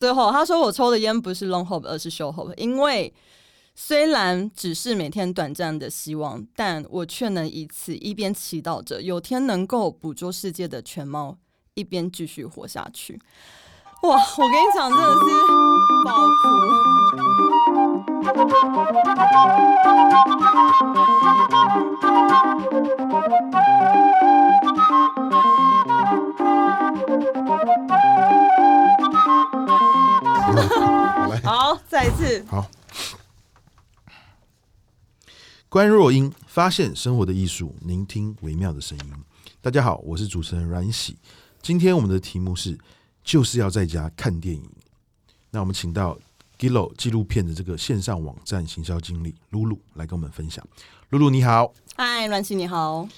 最後他說：“我抽的煙不是 long hope，而是 short hope，因為雖然只是每天短暫的希望，但我卻能以此一邊祈禱着有天能夠捕捉世界的全貌，一邊繼續活下去。”哇，我跟你講，真的是爆哭。 好，再一次、嗯、好。觀弱音發現生活的藝術，聆聽微妙的聲音。大家好，我是主持人阮璽。今天我們的題目是就是要在家看電影。那我們請到 Giloo 紀錄片的這個線上網站行銷經理 RuRu 來跟我們分享。RuRu 你好，嗨，阮璽你好。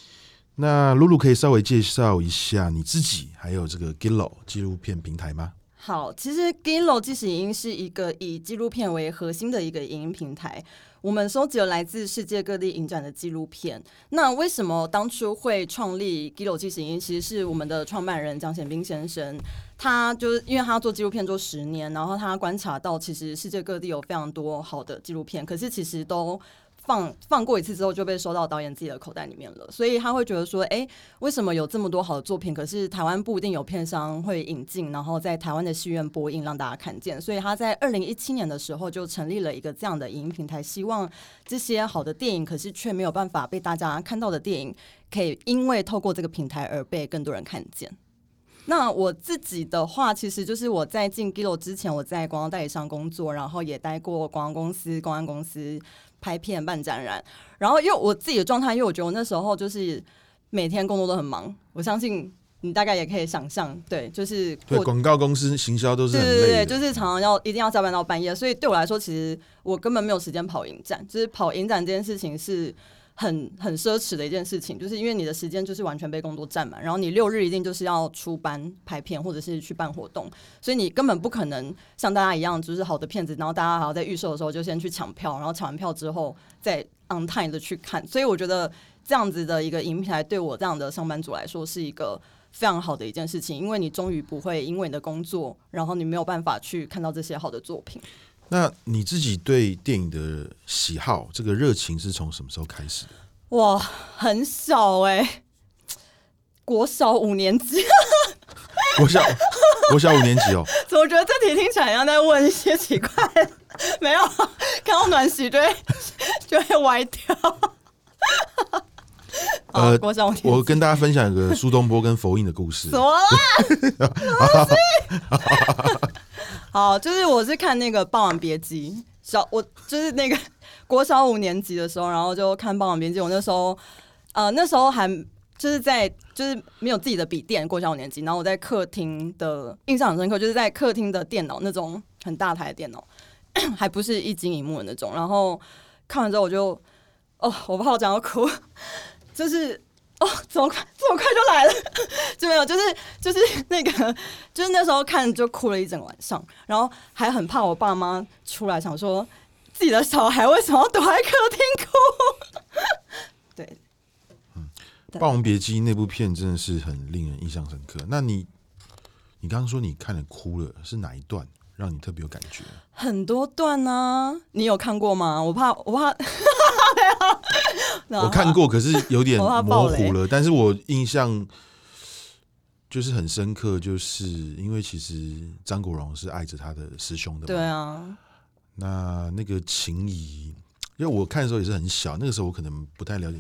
那 RuRu 可以稍微介紹一下你自己，還有這個 Giloo 紀錄片平台嗎？好，其實 Giloo 紀實影音是一個以紀錄片為核心的一個影音平台，我們收集了來自世界各地影展的紀錄片。那為什麼當初會創立 Giloo 紀實影音？其實是我們的創辦人蔣顯斌先生，他就是因為他做紀錄片做十年，然後他觀察到其實世界各地有非常多好的紀錄片，可是其實都。放放過一次之後就被收到導演自己的口袋裡面了，所以他會覺得說：“哎、欸，為什麼有這麼多好的作品，可是台灣不一定有片商會引進，然後在台灣的戲院播映，讓大家看見？”所以他在二零一七年的時候就成立了一個這樣的影音平台，希望這些好的電影，可是卻沒有辦法被大家看到的電影，可以因為透過這個平台而被更多人看見。那我自己的話，其實就是我在進 Giloo 之前，我在廣告代理商工作，然後也待過廣告公司、公關公司。拍片辦展覽，然後因為我自己的狀態，因為我覺得我那時候就是每天工作都很忙，我相信你大概也可以想象，對，就是對廣告公司行銷都是很對對對，就是常常要一定要加班到半夜，所以對我來說，其實我根本沒有時間跑影展，就是跑影展這件事情是。很很奢侈的一件事情，就是因為你的時間就是完全被工作佔滿，然後你六日一定就是要出班拍片，或者是去辦活動，所以你根本不可能像大家一樣，就是好的片子，然後大家還要在預售的時候就先去搶票，然後搶完票之後再 on time 的去看。所以我覺得這樣子的一個影平台，對我這樣的上班族來說，是一個非常好的一件事情，因為你終於不會因為你的工作，然後你沒有辦法去看到這些好的作品。那你自己對電影的喜好，這個熱情是從什麼時候開始的？哇，很小哎、欸， 國小五年級。喔，國小五年級哦，怎麼覺得這題聽起來要再問一些奇怪，沒有，看到暖喜就會就會歪掉。 哦、國小五年級。呃，我跟大家分享一個蘇東坡跟佛印的故事。了？ 好, 好，就是我是看那個《霸王別姬》小，小我就是那個國小五年級的時候，然後就看《霸王別姬》。我那時候，呃，那時候還就是在就是沒有自己的筆電，國小五年級，然後我在客廳的印象很深刻，就是在客廳的電腦那種很大台的電腦，還不是液晶螢幕的那種。然後看完之後，我就哦，我不好講，要哭。就是哦，怎麼快這麼快就來了？就沒有，就是就是那個，就是那時候看就哭了一整晚上，然後還很怕我爸媽出來，想說自己的小孩為什麼要躲在客廳哭？ 對，嗯，《霸王別姬》那部片真的是很令人印象深刻。那你，你剛剛說你看了哭了，是哪一段讓你特別有感覺？很多段呢，啊，你有看過嗎？我怕，我怕。 我看過，可是有點模糊了，但是我印象就是很深刻，就是因為其實張國榮是愛着他的師兄的，對啊。那那個情誼，因為我看的時候也是很小，那個時候我可能不太了解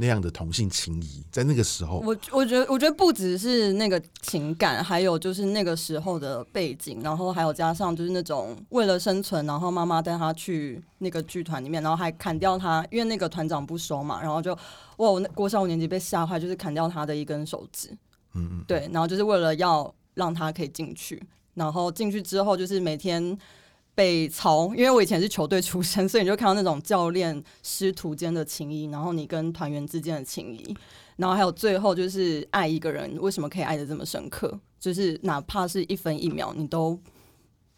那樣的同性情誼，在那個時候，我我覺得我覺得不只是那個情感，還有就是那個時候的背景，然後還有加上就是那種為了生存，然後媽媽帶他去那個劇團裡面，然後還砍掉他，因為那個團長不收嘛，然後就哇，我那國小五年級被嚇壞，就是砍掉他的一根手指，嗯，嗯，對，然後就是為了要讓他可以進去，然後進去之後就是每天。被操，因為我以前是球隊出身，所以你就看到那種教練師徒間的情誼，然後你跟團員之間的情誼，然後還有最後就是愛一個人為什麼可以愛得這麼深刻，就是哪怕是一分一秒你都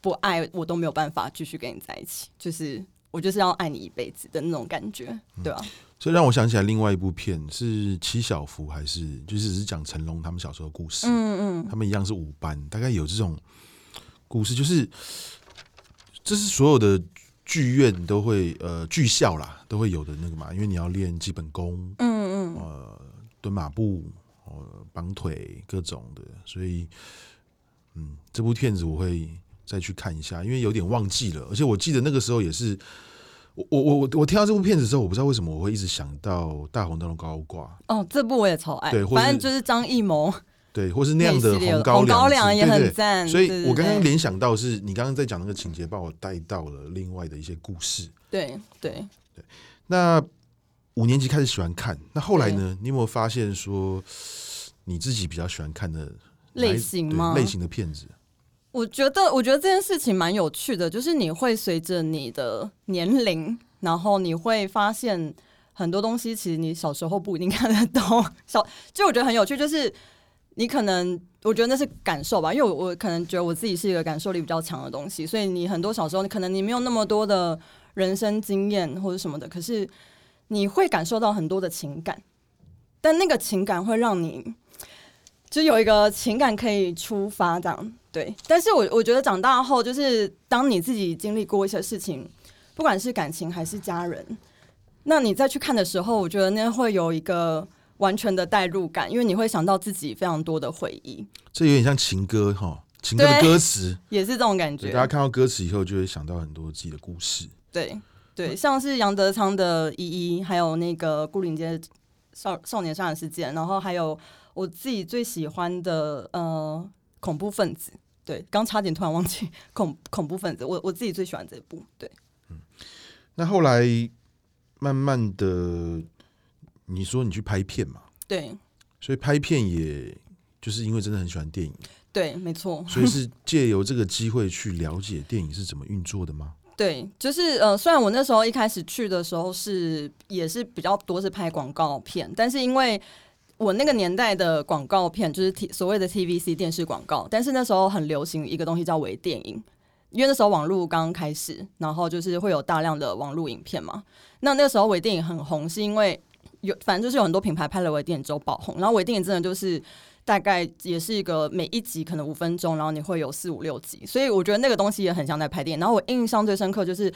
不愛我都沒有辦法繼續跟你在一起，就是我就是要愛你一輩子的那種感覺，對啊，嗯，所以讓我想起來另外一部片是，是《七小福》，還是就是只是講成龍他們小時候的故事？嗯嗯，他們一樣是五班，大概有這種故事，就是。這是所有的劇院都會呃劇校啦都會有的那個嘛，因為你要練基本功，嗯嗯，呃蹲馬步，呃綁腿各種的，所以嗯這部片子我會再去看一下，因為有點忘記了，而且我記得那個時候也是我我我我我聽到這部片子之後，我不知道為什麼我會一直想到大紅燈籠高掛哦，這部我也超愛，對，反正就是張藝謀。對，或是那樣的紅高粱，紅高粱也很讚。對對對所以，我剛剛聯想到是，你剛剛在講那個情節，把我帶到了另外的一些故事。對對對。那五年級開始喜歡看，那後來呢？對你有沒有發現說，你自己比較喜歡看的類型嗎？類型的片子？我覺得，我覺得這件事情蠻有趣的，就是你會隨着你的年齡，然後你會發現很多東西，其實你小時候不一定看得懂。小，就我覺得很有趣，就是。你可能，我覺得那是感受吧，因為我我可能覺得我自己是一個感受力比較強的東西，所以你很多小時候，可能你沒有那麼多的人生經驗或者什麼的，可是你會感受到很多的情感，但那個情感會讓你就有一個情感可以出發，這樣對。但是我我覺得長大後，就是當你自己經歷過一些事情，不管是感情還是家人，那你再去看的時候，我覺得那會有一個。完全的代入感，因為你會想到自己非常多的回憶，這有點像情歌哈，情歌的歌詞也是這種感覺。大家看到歌詞以後，就會想到很多自己的故事。對對，像是楊德昌的《一一》，還有那個《牯嶺街少少年殺人事件》，然後還有我自己最喜歡的呃恐怖分子。對，剛差點突然忘記恐恐怖分子，我我自己最喜歡這一部。對，嗯，那後來慢慢的。你說你去拍片嘛？對，所以拍片也就是因為真的很喜歡電影。對，沒錯。所以是借由這個機會去了解電影是怎麼運作的嗎？對，就是呃，雖然我那時候一開始去的時候是也是比較多是拍廣告片，但是因為我那個年代的廣告片就是 T 所謂的 TVC 電視廣告，但是那時候很流行一個東西叫微電影，因為那時候網路剛剛開始，然後就是會有大量的網路影片嘛。那那時候微電影很紅，是因為有，反正就是有很多品牌拍了微電影之後爆紅，然後微電影真的就是大概也是一個每一集可能五分鐘，然後你會有四五六集，所以我覺得那個東西也很像在拍電影。然後我印象最深刻就是，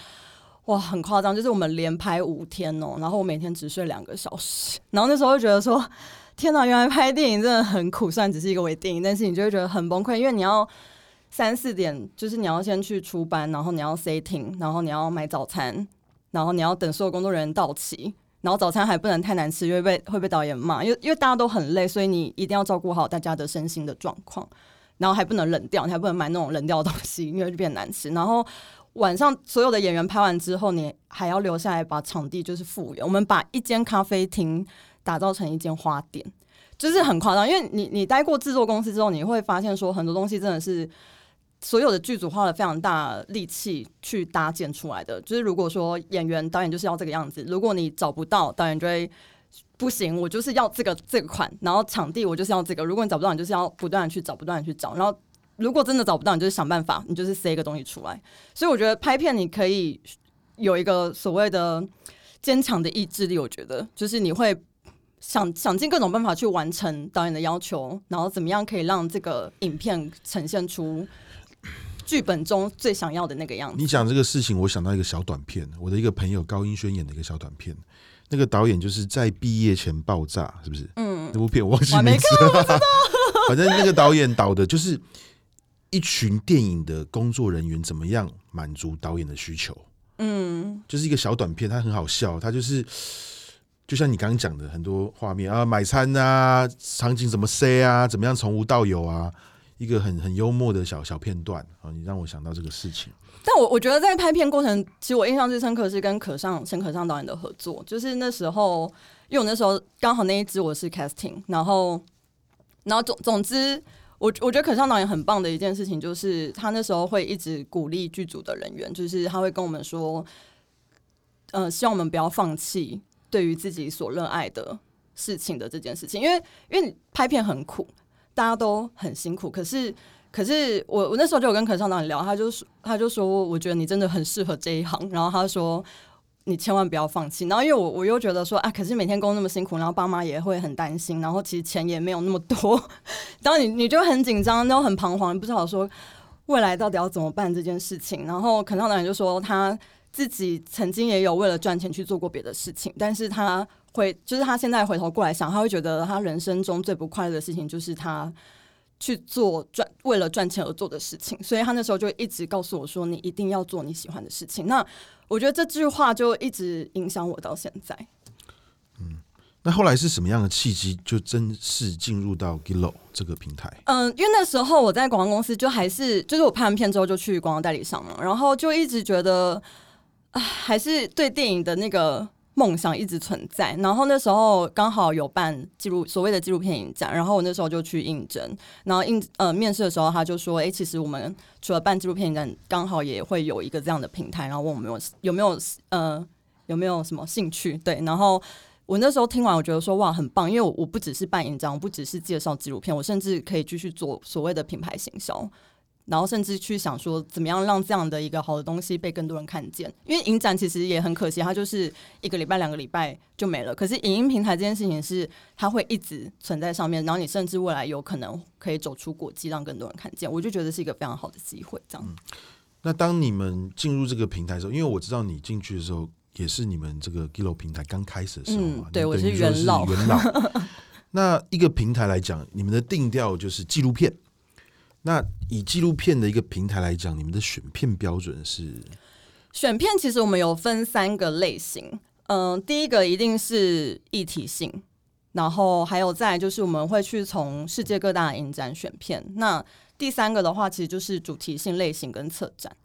哇，很誇張，就是我們連拍五天哦、喔，然後我每天只睡兩個小時，然後那時候就覺得說，天哪，原來拍電影真的很苦，雖然只是一個微電影，但是你就會覺得很崩潰，因為你要三四點，就是你要先去出班，然後你要 setting，然後你要買早餐，然後你要等所有工作人員到齊。然後早餐還不能太難吃，因為會被會被導演罵，因為因為大家都很累，所以你一定要照顧好大家的身心的狀況。然後還不能冷掉，你還不能買那種冷掉的東西，因為就變難吃。然後晚上所有的演員拍完之後，你還要留下來把場地就是復原。我們把一間咖啡廳打造成一間花店，就是很誇張。因為你你待過製作公司之後，你會發現說很多東西真的是。所有的劇組花了非常大力氣去搭建出來的，就是如果說演員、導演就是要這個樣子。如果你找不到導演，就會不行，我就是要這個這個款，然後場地我就是要這個。如果你找不到，你就是要不斷的去找，不斷的去找。然後如果真的找不到，你就是想辦法，你就是塞一個東西出來。所以我覺得拍片你可以有一個所謂的堅強的意志力，我覺得就是你會想想盡各種辦法去完成導演的要求，然後怎麼樣可以讓這個影片呈現出。劇本中最想要的那個樣子。你講這個事情，我想到一個小短片，我的一個朋友高英軒演的一個小短片，那個導演就是在畢業前爆炸，是不是？嗯，那部片我忘記名字了。我沒看到。 反正那個導演導的就是一群電影的工作人員怎麼樣滿足導演的需求。嗯，就是一個小短片，它很好笑，它就是就像你剛剛講的很多畫面啊，買餐啊，場景怎麼塞啊，怎麼樣從無到有啊。一個很很幽默的小小片段啊。哦，你讓我想到這個事情。但我我覺得在拍片過程，其實我印象最深刻是跟可尚沈可尚導演的合作。就是那時候，因為我那時候剛好那一支我是 casting，然後然後總總之，我我覺得可尚導演很棒的一件事情，就是他那時候會一直鼓勵劇組的人員，就是他會跟我們說，呃，希望我們不要放棄對於自己所熱愛的事情的這件事情，因為因為你拍片很苦。大家都很辛苦，可是，可是我我那時候就有跟肯尚導演聊，他就說他就說，我覺得你真的很適合這一行，然後他說你千萬不要放棄。然後因為我我又覺得說啊，可是每天工作那麼辛苦，然後爸媽也會很擔心，然後其實錢也沒有那麼多，然後你你就很緊張，然後很彷徨，不知道說未來到底要怎麼辦這件事情。然後肯尚導演就說他自己曾經也有為了賺錢去做過別的事情，但是他。回，就是他現在回頭過來想，他會覺得他人生中最不快樂的事情就是他去做賺為了賺錢而做的事情，所以他那時候就一直告訴我說：“你一定要做你喜歡的事情。”那我覺得這句話就一直影響我到現在。嗯，那後來是什麼樣的契機，就正式進入到 Giloo 這個平台？嗯，因為那時候我在廣告公司，就還是就是我拍完片之後就去廣告代理商嘛，然後就一直覺得，哎還是對電影的那個。夢想一直存在。然後那時候剛好有辦記錄所謂的紀錄片影展，然後我那時候就去應徵。然後應呃面試的時候，他就說：“哎、欸，其實我們除了辦紀錄片影展，剛好也會有一個這樣的平台，然後問我們有沒有沒有呃有沒有什麼興趣？”對。然後我那時候聽完，我覺得說：“哇，很棒！”因為我，我我不只是辦影展，我不只是介紹紀錄片，我甚至可以繼續做所謂的品牌形象。然後甚至去想說，怎麼樣讓這樣的一個好的東西被更多人看見？因為影展其實也很可惜，它就是一個禮拜、兩個禮拜就沒了。可是影音平台這件事情是，它會一直存在上面。然後你甚至未來有可能可以走出國際，讓更多人看見。我就覺得是一個非常好的機會。這樣、嗯。那當你們進入這個平台的時候，因為我知道你進去的時候也是你們這個 Giloo 平台剛開始的時候嘛，嗯、對，我是元老。元 老。那一個平台來講，你們的定調就是紀錄片。那以紀錄片的一個平台來講，你們的選片標準是？選片其實我們有分三個類型，嗯、呃，第一個一定是議題性，然後還有再就是我們會去從世界各大影展選片。那第三個的話，其實就是主題性類型跟策展。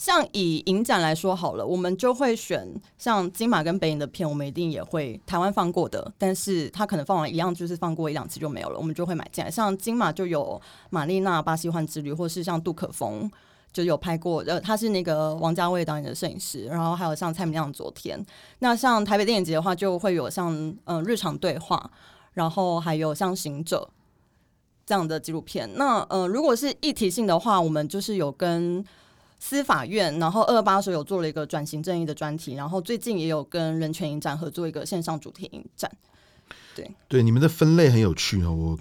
像以影展來說好了，我們就會選像金馬跟北影的片，我們一定也會台灣放過的，但是他可能放完一樣就是放過一兩次就沒有了，我們就會買進來。像金馬就有瑪麗娜巴西幻之旅，或是像杜可風就有拍過，呃，他是那個王家衛導演的攝影師，然後還有像蔡明亮昨天，那像台北電影節的話就會有像嗯、呃、日常對話，然後還有像行者這樣的紀錄片。那呃，如果是議題性的話，我們就是有跟。司法院，然後二二八的時候有做了一個轉型正義的專題，然後最近也有跟人權影展合作一個線上主題影展。對對，你們的分類很有趣哦，我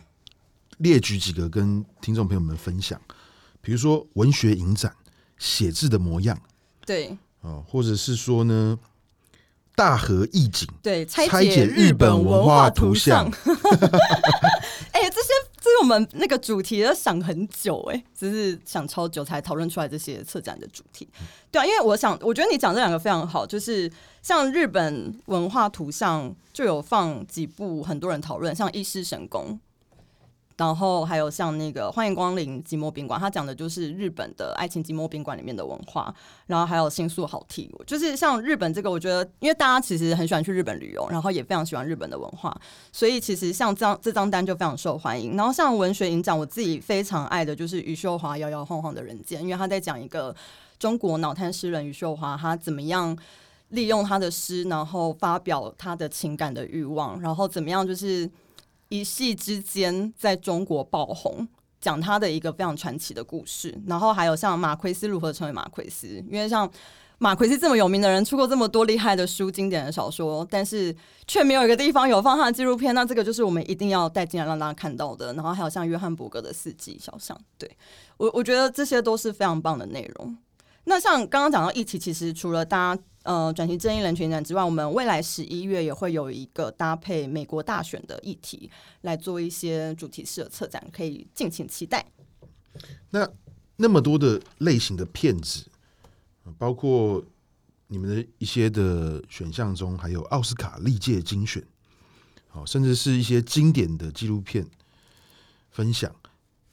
列舉幾個跟聽眾朋友們分享，比如說文學影展《寫字的模樣》對，對哦，或者是說呢大和意境，對拆解日本文化圖像。 我們那個主題要想很久哎、欸，只是想超久才討論出來這些策展的主題。對啊，因為我想，我覺得你講這兩個非常好，就是像日本文化圖像就有放幾部很多人討論，像《一師神功》。然後還有像那個《歡迎光臨寂寞賓館》，他講的就是日本的愛情寂寞賓館裡面的文化。然後還有《新宿好替》，就是像日本這個，我覺得因為大家其實很喜歡去日本旅遊，然後也非常喜歡日本的文化，所以其實像這樣這張單就非常受歡迎。然後像文學影展，我自己非常愛的就是余秀華《搖搖晃晃的人間》，因為他在講一個中國腦癱詩人余秀華，他怎麼樣利用他的詩，然後發表他的情感的慾望，然後怎麼樣就是。一夕之間在中國爆紅，講他的一個非常傳奇的故事。然後還有像馬奎斯如何成為馬奎斯，因為像馬奎斯這麼有名的人，出過這麼多厲害的書、經典的小說，但是卻沒有一個地方有放他的紀錄片。那這個就是我們一定要帶進來讓大家看到的。然後還有像約翰伯格的《四季肖像》對，對我我覺得這些都是非常棒的內容。那像剛剛講到議題，其實除了大家。呃，轉型正義、人群展之外，我們未來十一月也會有一個搭配美國大選的議題來做一些主題式的策展，可以敬請期待。那那麼多的類型的片子，包括你們的一些的選項中，還有奧斯卡歷屆精選，甚至是一些經典的紀錄片分享。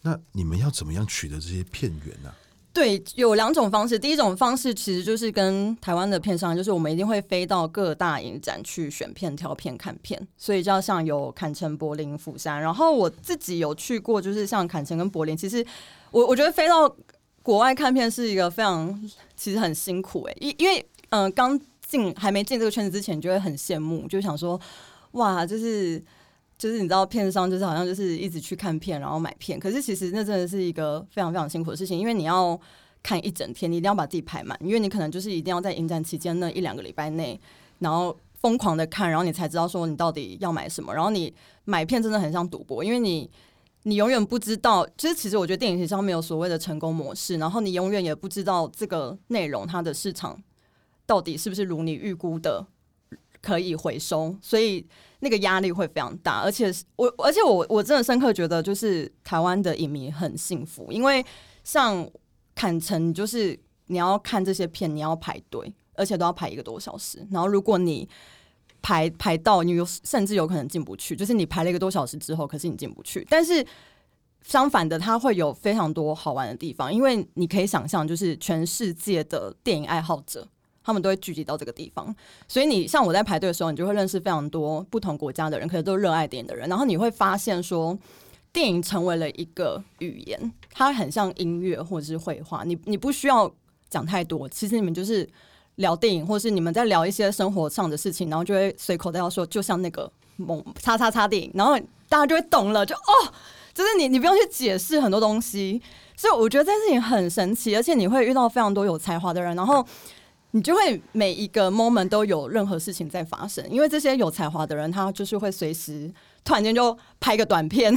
那你們要怎麼樣取得這些片源呢、啊？對，有兩種方式。第一種方式其實就是跟台灣的片商，就是我們一定會飛到各大影展去選片，挑片，看片。所以就要像有坎城、柏林、釜山，然後我自己有去過，就是像坎城跟柏林。其實我我覺得飛到國外看片是一個非常，其實很辛苦哎、欸，因因為嗯、呃，剛進還沒進這個圈子之前，你就會很羨慕，就想說哇，就是。就是你知道，片商就是好像就是一直去看片，然後買片。可是其實那真的是一個非常非常辛苦的事情，因為你要看一整天，你一定要把自己排滿，因為你可能就是一定要在影展期間那一兩個禮拜內，然後瘋狂的看，然後你才知道說你到底要買什麼。然後你買片真的很像賭博，因為你你永遠不知道。就是其實我覺得電影學校沒有所謂的成功模式，然後你永遠也不知道這個內容它的市場到底是不是如你預估的可以回收，所以。那個壓力會非常大，而且是我，而且我我真的深刻覺得，就是台灣的影迷很幸福，因為像坎城就是你要看這些片，你要排隊，而且都要排一個多小時，然後如果你排排到，你有甚至有可能進不去，就是你排了一個多小時之後，可是你進不去。但是相反的，它會有非常多好玩的地方，因為你可以想象，就是全世界的電影愛好者。他們都會聚集到這個地方，所以你像我在排隊的時候，你就會認識非常多不同國家的人，可能都熱愛電影的人。然後你會發現說，說電影成為了一個語言，它很像音樂或者是繪畫。你你不需要講太多，其實你們就是聊電影，或是你們在聊一些生活上的事情，然後就會隨口都要說，就像那個某叉叉叉電影，然後大家就會懂了，就哦，就是你你不用去解釋很多東西。所以我覺得這件事情很神奇，而且你會遇到非常多有才華的人，然後。你就會每一個 moment 都有任何事情在發生，因為這些有才華的人，他就是會隨時突然間就拍個短片，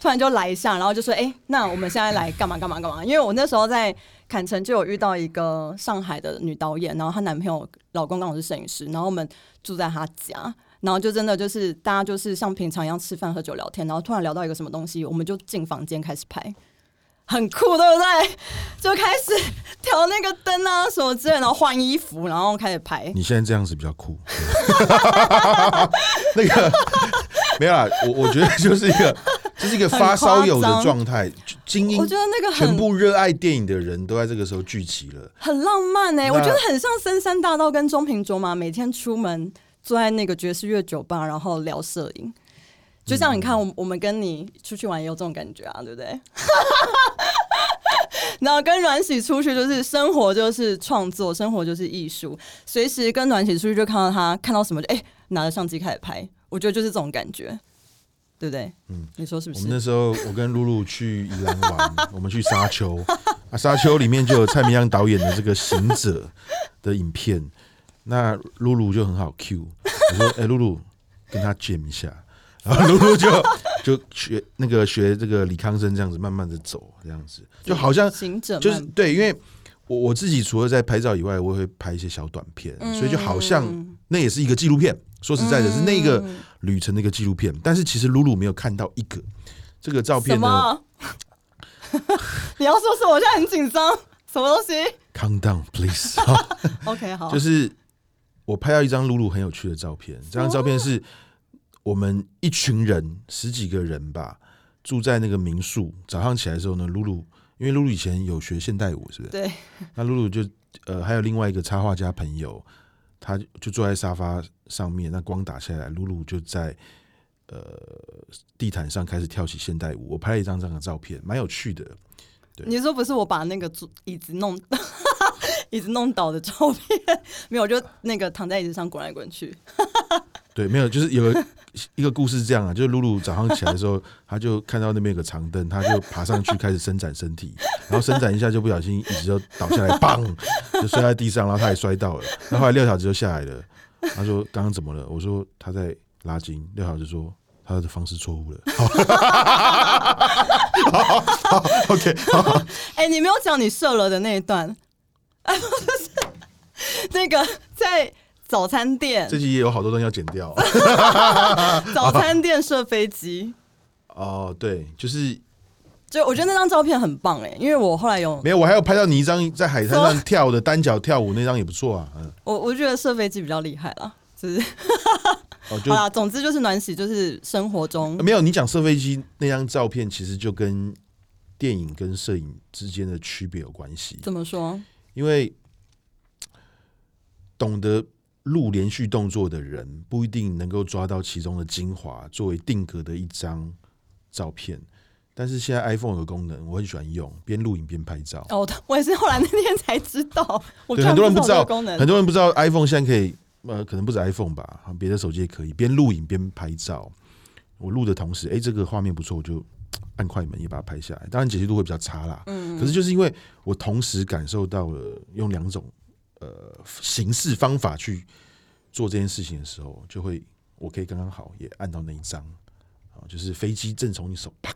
突然就來一下，然後就說：“哎、欸，那我們現在來幹嘛幹嘛幹嘛？”因為我那時候在坎城就有遇到一個上海的女導演，然後她男朋友老公剛好是攝影師，然後我們住在她家，然後就真的就是大家就是像平常一樣吃飯喝酒聊天，然後突然聊到一個什麼東西，我們就進房間開始拍。很酷，對不對？就開始調那個燈啊，什麼之類，然後換衣服，然後開始拍。你現在這樣子比較酷。對 那個沒有啊，我我覺得就是一個，這、就是一個發燒友的狀態。很精英，我覺得那個很全部熱愛電影的人都在這個時候聚集了，很浪漫呢、欸。那我覺得很像《深山大道》跟中平卓馬，每天出門坐在那個爵士樂酒吧，然後聊攝影。就像你看，我我們跟你出去玩也有這種感覺啊，對不對？ 然後跟阮璽出去就是生活，就是創作，生活就是藝術。隨時跟阮璽出去，就看到他看到什麼就，哎、欸，拿着相機開始拍。我覺得就是這種感覺，對不對？嗯，你說是不是？我們那時候我跟 RuRu 去宜蘭玩， 我們去沙丘啊，沙丘裡面就有蔡明亮導演的這個《行者》的影片。那 RuRu 就很好 Q，我說哎，Ru、欸、RuRu 跟他 jam 一下。 然後露露就就學那個學這個李康生這樣子慢慢的走這樣子，就好像就是對，因為我我自己除了在拍照以外，我也會拍一些小短片，所以就好像那也是一個紀錄片。說實在的，是那個旅程那個紀錄片。但是其實露露沒有看到一個這個照片呢什麼。呢 你要說是，是我現在很緊張。什麼東西？Calm down, please. OK，好。 就是我拍到一張露露很有趣的照片。這張照片是。我們一群人十幾個人吧，住在那個民宿。早上起來的時候呢，露露因為露露以前有學現代舞，是不是？對。那露露就呃，還有另外一個插畫家朋友，他就坐在沙發上面，那光打下來，露露就在呃地毯上開始跳起現代舞。我拍了一張這樣的照片，蠻有趣的。對。你說不是我把那個椅子弄 椅子弄倒的照片？沒有，就那個躺在椅子上滾來滾去。 對，沒有，就是有個。一個故事是這樣啊，就是露露早上起來的時候， 他就看到那邊有個長凳，他就爬上去開始伸展身體，然後伸展一下就不小心椅子就倒下來， 砰，就摔在地上，然後他也摔到了。那後，後來六小子就下來了，他說，剛剛怎麼了？我說他在拉筋。六小子說他的方式錯誤了。OK，哎，你沒有講你瘦了的那一段， 那個在。早餐店，這集也有好多東西要剪掉。 早餐店射飛機， 哦，對，就是，就我覺得那張照片很棒哎，因為我後來有沒有我還有拍到你一張在海灘上跳的單腳跳舞那張也不錯啊。嗯、我我覺得射飛機比較厲害啦，就是。哦、好啊，總之就是暖喜，就是生活中沒有你講射飛機那張照片，其實就跟電影跟攝影之間的區別有關係。怎麼說、啊？因為懂得。錄連續動作的人不一定能夠抓到其中的精華，作為定格的一張照片。但是現在 iPhone 有個功能我很喜歡用，邊錄影邊拍照。哦，我也是後來那天才知道，很多人不知道功能，很多人不知道，iPhone 現在可以，呃，可能不止 iPhone 吧，別的手機也可以邊錄影邊拍照。我錄的同時，哎、欸，這個畫面不錯，我就按快門也把它拍下來。當然解析度會比較差啦，嗯，可是就是因為我同時感受到了用兩種。呃，形式方法去做這件事情的時候，就會我可以剛剛好也按到那一張啊，就是飛機正從你手啪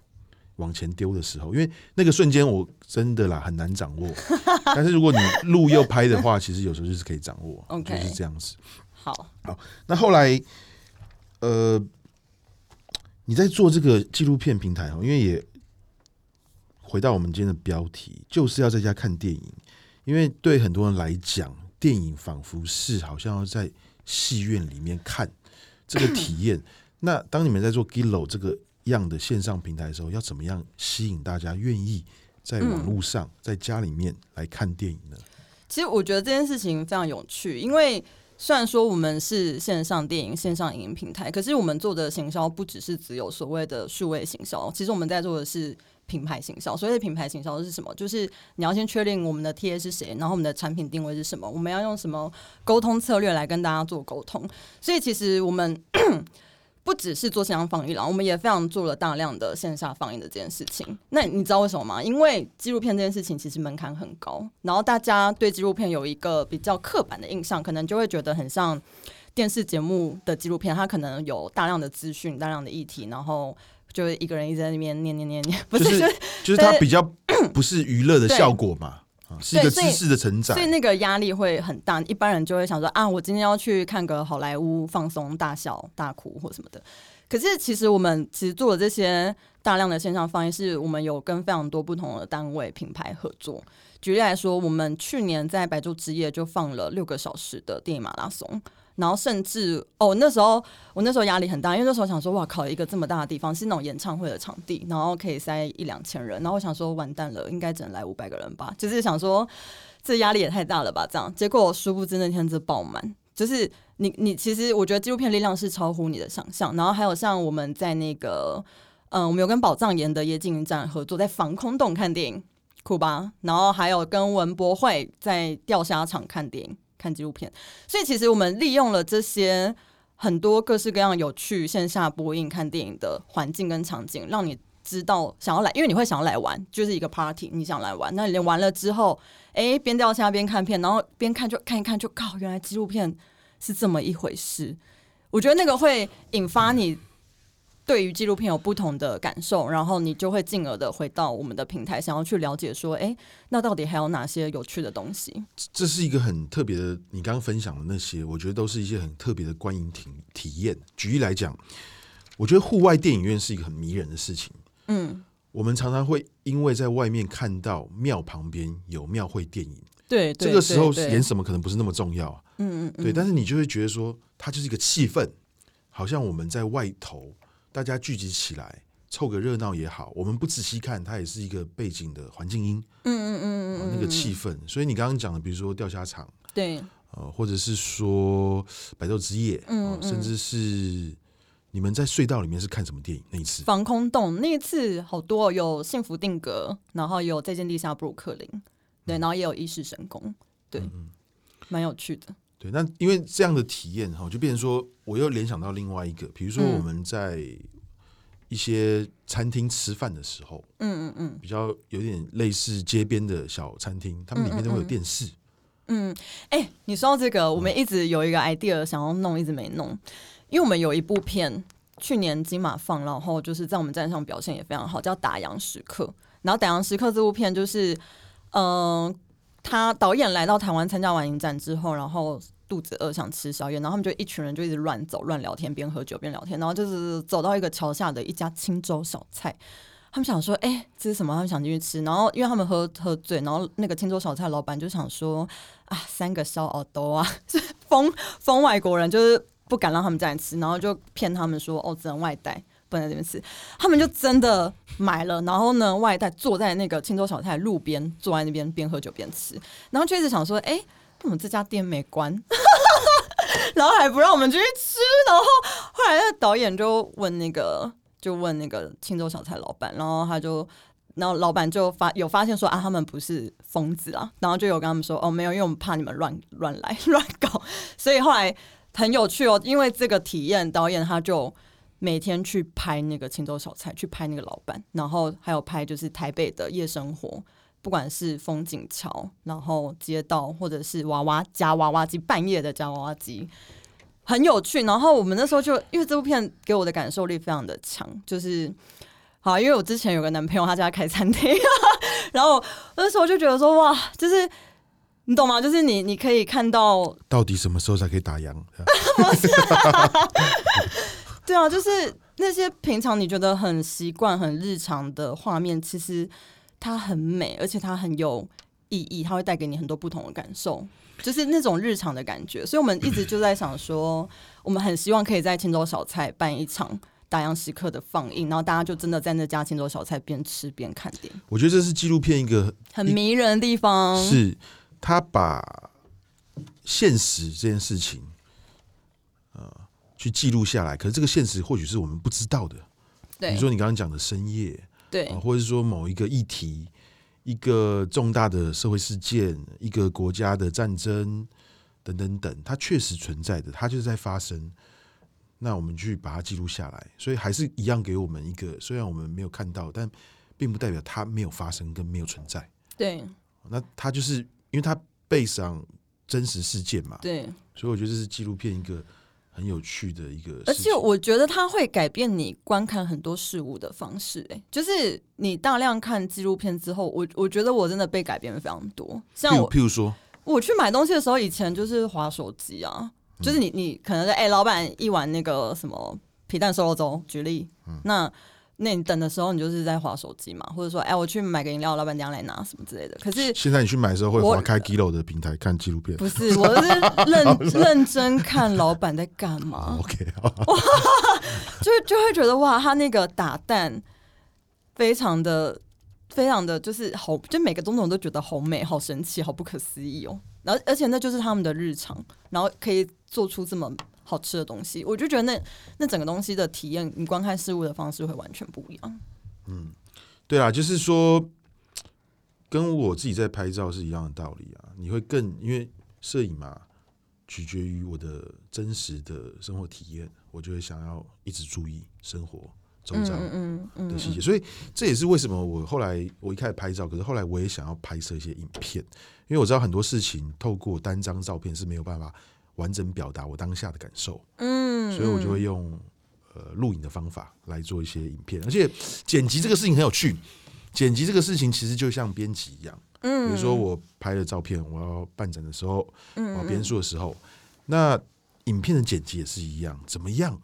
往前丟的時候，因為那個瞬間我真的啦很難掌握， 但是如果你錄要拍的話， 其實有時候就是可以掌握 okay, 就是這樣子。好，好，那後來呃，你在做這個紀錄片平台哈，因為也回到我們今天的標題，就是要在家看電影。因為對很多人來講，電影仿佛是好像要在戲院裡面看這個體驗。 那當你們在做 Giloo 這個樣的線上平台的時候，要怎麼樣吸引大家願意在網絡上、嗯、在家裡面來看電影呢？其實我覺得這件事情非常有趣，因為雖然說我們是線上電影線上影音平台，可是我們做的行銷不只是只有所謂的數位行銷，其實我們在做的是。品牌形象，所謂的品牌形象是什麼？就是你要先確定我們的 TA 是誰，然後我們的產品定位是什麼，我們要用什麼溝通策略來跟大家做溝通。所以其實我們不只是做線上放映了，我們也非常做了大量的線下放映的這件事情。那你知道為什麼嗎？因為紀錄片這件事情其實門檻很高，然後大家對紀錄片有一個比較刻板的印象，可能就會覺得很像電視節目的紀錄片，它可能有大量的資訊、大量的議題，然後。就是一個人一直在那邊念念念念，不是就是他、就是、比較不是娛樂的效果嘛，對是一個知識的成長，所以那個壓力會很大。一般人就會想說啊，我今天要去看個好萊塢，放鬆、大笑、大哭或什麼的。可是其實我們其實做了這些大量的線上放映，是我們有跟非常多不同的單位品牌合作。舉例來說，我們去年在白晝之夜就放了六個小時的電影馬拉松。然後甚至哦，那時候我那時候壓力很大，因為那時候想說，哇靠，考一個這麼大的地方是那種演唱會的場地，然後可以塞一兩千人，然後我想說完蛋了，應該只能來五百個人吧，就是想說這壓力也太大了吧，這樣。結果殊不知那天是爆滿，就是你你其實我覺得紀錄片力量是超乎你的想象。然後還有像我們在那個嗯、呃，我們有跟寶藏岩的夜景雲展合作，在防空洞看電影，酷吧？然後還有跟文博會在釣蝦場看電影。看紀錄片，所以其實我們利用了這些很多各式各樣有趣線下播映看電影的環境跟場景，讓你知道想要來，因為你會想要來玩，就是一個 party，你想來玩。那你連玩了之後，哎、欸，邊釣蝦邊看片，然後邊看就看一看就，就靠原來紀錄片是這麼一回事。我覺得那個會引發你。對於紀錄片有不同的感受，然後你就會進而的回到我們的平台，想要去了解說，哎，那到底還有哪些有趣的東西？這是一個很特別的，你剛剛分享的那些，我覺得都是一些很特別的觀影體體驗。舉例來講，我覺得戶外電影院是一個很迷人的事情。嗯，我們常常會因為在外面看到廟旁邊有廟會電影，對，對，這個時候演什麼可能不是那麼重要嗯、啊、嗯，嗯嗯對，但是你就會覺得說，它就是一個氣氛，好像我們在外頭。大家聚集起來湊個熱鬧也好，我們不仔細看，它也是一個背景的環境音。嗯嗯嗯嗯，嗯嗯，那個氣氛。所以你剛剛講的，比如說釣蝦場，對，呃，或者是說白晝之夜，嗯、呃、甚至是你們在隧道裡面是看什麼電影？那一次防空洞那一次好多有，《幸福定格》，然後也有《再見地下布魯克林》，對，嗯、然後也有《異世神功》，對，嗯嗯、蠻有趣的。那因為這樣的體驗哈，就變成說，我又聯想到另外一個，比如說我們在一些餐廳吃飯的時候，嗯嗯嗯，嗯嗯比較有點類似街邊的小餐廳，他們裡面都會有電視，嗯哎、嗯嗯欸，你說到這個，嗯、我們一直有一個 idea 想要弄，一直沒弄，因為我們有一部片去年金馬放，然後就是在我們站上表現也非常好，叫《打烊時刻》，然後《打烊時刻》這部片就是，嗯、呃，他導演來到台灣參加完影展之後，然後。肚子餓，想吃宵夜，然後他們就一群人就一直亂走、亂聊天，邊喝酒邊聊天，然後就是走到一個橋下的一家清粥小菜，他們想說：“哎、欸，這是什麼？”他們想進去吃，然後因為他們喝喝醉，然後那個清粥小菜老闆就想說：“啊，三個小耳朵啊，是瘋瘋外國人，就是不敢讓他們進來吃，然後就騙他們說：哦，只能外帶，不能在這邊吃。”他們就真的買了，然後呢，外帶坐在那個清粥小菜路邊，坐在那邊邊喝酒邊吃，然後就一直想說：“哎、欸。”我們這家店沒關？ 然後還不讓我們進去吃。然後後來那個導演就問那個，就問那個清粥小菜老闆。然後他就，然後老闆就發有發現說啊，他們不是瘋子啊。然後就有跟他們說哦，沒有，因為我們怕你們亂亂來亂搞。所以後來很有趣哦，因為這個體驗，導演他就每天去拍那個清粥小菜，去拍那個老闆，然後還有拍就是台北的夜生活。不管是風景橋，然後街道，或者是娃娃夾娃娃機，半夜的夾娃娃機，很有趣。然後我們那時候就因為這部片給我的感受力非常的強，就是好、啊，因為我之前有個男朋友，他家開餐廳、啊，然後那時候我就覺得說哇，就是你懂嗎？就是你你可以看到到底什麼時候才可以打烊？不是，對啊，就是那些平常你覺得很習慣、很日常的畫面，其實。它很美，而且它很有意義，它會帶給你很多不同的感受，就是那種日常的感覺。所以，我們一直就在想說， 我們很希望可以在清粥小菜辦一場《打烊時刻》的放映，然後大家就真的在那家清粥小菜邊吃邊看電影。我覺得這是紀錄片一個很迷人的地方，是他把現實這件事情，呃，去記錄下來。可是，這個現實或許是我們不知道的。對，比如說你剛剛講的深夜。對，或者是說某一個議題，一個重大的社會事件，一個國家的戰爭等等等，它確實存在的，它就是在發生。那我們去把它記錄下來，所以還是一樣給我們一個，雖然我們沒有看到，但並不代表它沒有發生跟沒有存在。對，那它就是因為它 base on 真實事件嘛。對，所以我覺得這是紀錄片一個，很有趣的一個事情，而且我覺得它會改變你觀看很多事物的方式，欸。哎，就是你大量看紀錄片之後，我我覺得我真的被改變的非常多。像我，譬如說，我去買東西的時候，以前就是滑手機啊，就是你，嗯、你可能在哎，欸，老闆一碗那個什麼皮蛋瘦肉粥，舉例，嗯、那。那你等的時候，你就是在滑手機嘛，或者說，哎，我去買個飲料，老闆娘來拿什麼之類的。可是現在你去買的時候，會滑開 Giloo 的平台看紀錄片，不是？我是認闆認真看老闆在幹嘛。Oh, OK，就就會覺得哇，他那個打蛋非常的、非常的就是好，就每個觀眾都覺得好美好神奇、好不可思議哦。而而且那就是他們的日常，然後可以做出這麼。好吃的東西，我就覺得那那整個東西的體驗，你觀看事物的方式會完全不一樣。嗯，對啊，就是說，跟我自己在拍照是一樣的道理啊。你會更因為攝影嘛，取決於我的真實的生活體驗，我就會想要一直注意生活周遭的細節。嗯，嗯，嗯。所以這也是為什麼我後來我一開始拍照，可是後來我也想要拍攝一些影片，因為我知道很多事情透過單張照片是沒有辦法，完整表達我當下的感受，嗯，所以我就會用呃錄影的方法來做一些影片，而且剪輯這個事情很有趣，剪輯這個事情其實就像編輯一樣，嗯，比如說我拍了照片，我要辦展的時候，嗯，我要編輯的時候，那影片的剪輯也是一樣，怎麼樣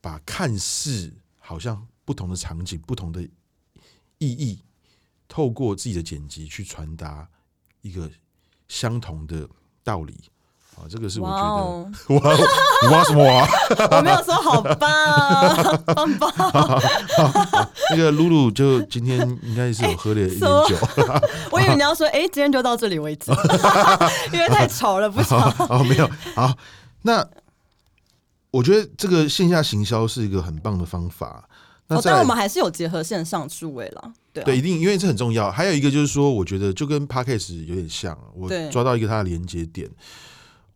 把看似好像不同的場景、不同的意義，透過自己的剪輯去傳達一個相同的道理。這個是我覺得哇哇什麼啊？我沒有說好棒啊，棒棒。那個露露就今天應該是有喝了一點酒，我以為你要說哎，今天就到這裡為止，因為太吵了，不行。哦，沒有好，那我覺得這個線下行銷是一個很棒的方法。那但我們還是有結合線上數位了，對對，一定，因為這很重要。還有一個就是說，我覺得就跟 podcast 有點像，我抓到一個它的連接點。